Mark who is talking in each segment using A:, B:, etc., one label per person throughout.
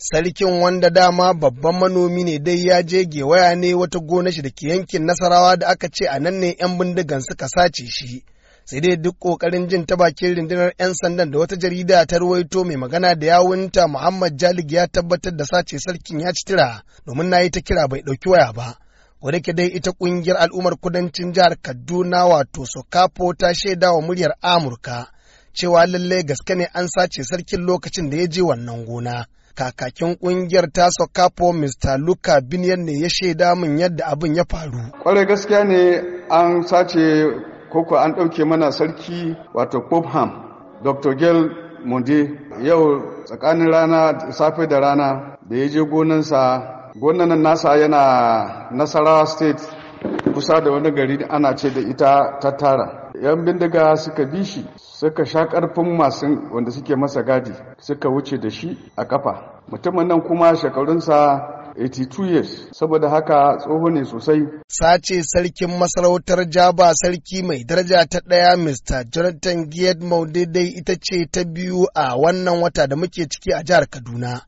A: sarkin wanda dama babban manomi ne dai ya je gewaya ne wata gona shi da ke yankin nasarawa da aka ce a nan ne 'yan bindigan suka sace shi sai dai duk kokarin jin ta bakin rundunar 'yan sandan da wata jarida ta ruwaito mai magana da yawunta muhammad jalig ya tabbatar da sace sarkin ya ci tira domin na yi ta kira bai ɗauki waya ba Wani ke dai ita ƙungiyar al'ummar kudancin jihar kaduna wato sokapo ta shaida wa muryar amurka cewa lallai gaske ne an sace sarkin lokacin da ya je wannan gona. Kakakin kungiyar ta kapo Mr. Luka Binyan ne ya shaida min yadda abin ya faru.
B: Kwarai gaskiya ne an sace koko an ɗauke mana sarki wato Popham, Dr. Gel Munde yau tsakanin rana safe da rana da ya je gonansa gonan nasa yana Nasarawa State kusa da wani gari ana ce da ita tattara yan bindiga suka bi shi suka sha karfin masu wanda suke masa gadi suka wuce da shi a kafa mutumin nan kuma shekarunsa 82 years saboda haka tsoho ne sosai.
A: Sace sarkin masarautar Jaba sarki mai daraja ta ɗaya Mr. Jonathan Giyad Maudidai ita ce ta biyu a wannan wata da muke ciki a jihar Kaduna.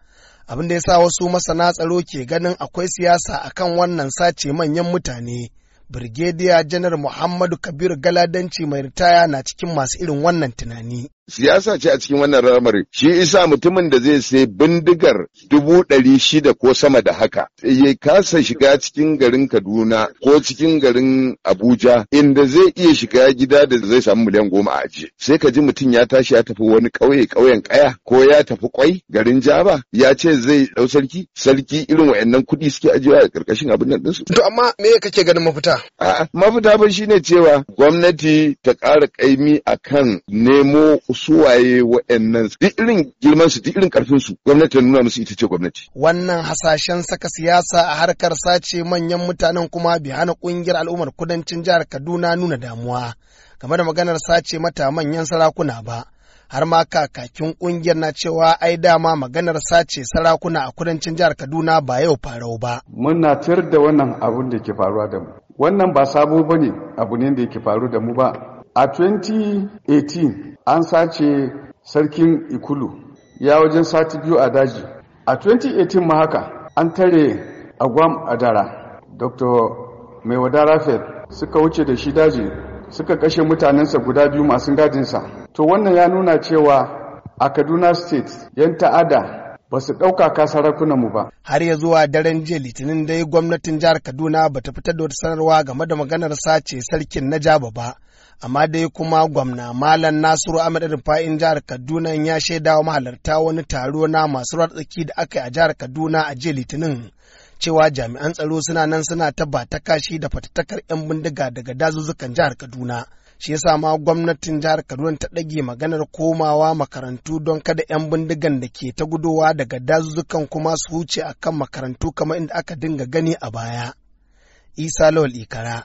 A: Abin da ya sa wasu masana tsaro ke ganin akwai siyasa akan wannan sace manyan mutane. Birgediya Janar Muhammadu Kabiru Galadanci mai ritaya na cikin masu irin wannan
C: tunani. siyasa ce a cikin wannan ramarin. shi isa mutumin da zai sai bindigar dubu ɗari shida ko sama da haka ya kasa shiga cikin garin kaduna ko cikin garin abuja inda zai iya shiga gida da zai samu miliyan goma a ajiye sai ka ji mutum ya tashi ya tafi wani ƙauye ƙauyen ƙaya ko ya tafi kwai garin jaba ya ce zai ɗau sarki sarki irin wa'annan kuɗi suke ajiyewa a ƙarƙashin abin nan ɗinsu. to amma me kake ganin mafita. a'a mafita ba shine cewa gwamnati ta ƙara ƙaimi akan nemo Su waye wa'annan duk irin girman su duk irin karfin su gwamnati ta nuna musu ita ce gwamnati
A: wannan hasashen saka siyasa a harkar sace manyan mutanen kuma bi hana kungiyar al'ummar kudancin jihar Kaduna nuna damuwa game da maganar sace mata manyan sarakuna ba har ma kakakin kungiyar na cewa ai dama maganar sace sarakuna a kudancin jihar Kaduna ba yau farau ba.
B: Muna tar da wannan abun da ke faruwa da mu. Wannan ba sabo bane ne abu ne da yake faru da mu ba. A 2018 an sace sarkin ikulu ya wajen sati biyu a daji a 2018 ma haka an tare agwam a dara dr mai wadara fed suka wuce da shi daji suka kashe mutanensa guda biyu masu gadinsa to wannan ya nuna cewa a kaduna state yan ta'ada ba su ɗauka ɗaukaka mu ba.
A: Har ya zuwa daren jiya litinin dai gwamnatin jihar Kaduna ba ta fitar da wata sanarwa game da maganar sace sarkin na Jaba ba. amma dai kuma gwamna malam nasiru ahmed rufa'in jihar kaduna ya shaida wa mahalarta wani taro na masu ratsaki da aka yi a jihar kaduna a jiya litinin cewa jami'an tsaro suna nan suna ta ba ta kashi da fatattakar 'yan bindiga daga dazuzzukan jihar kaduna shi yasa ma gwamnatin jihar kaduna ta ɗage maganar komawa makarantu don kada 'yan bindigan da ke ta gudowa daga dazuzzukan kuma su huce akan makarantu kamar inda aka dinga gani a baya isa lawal ikara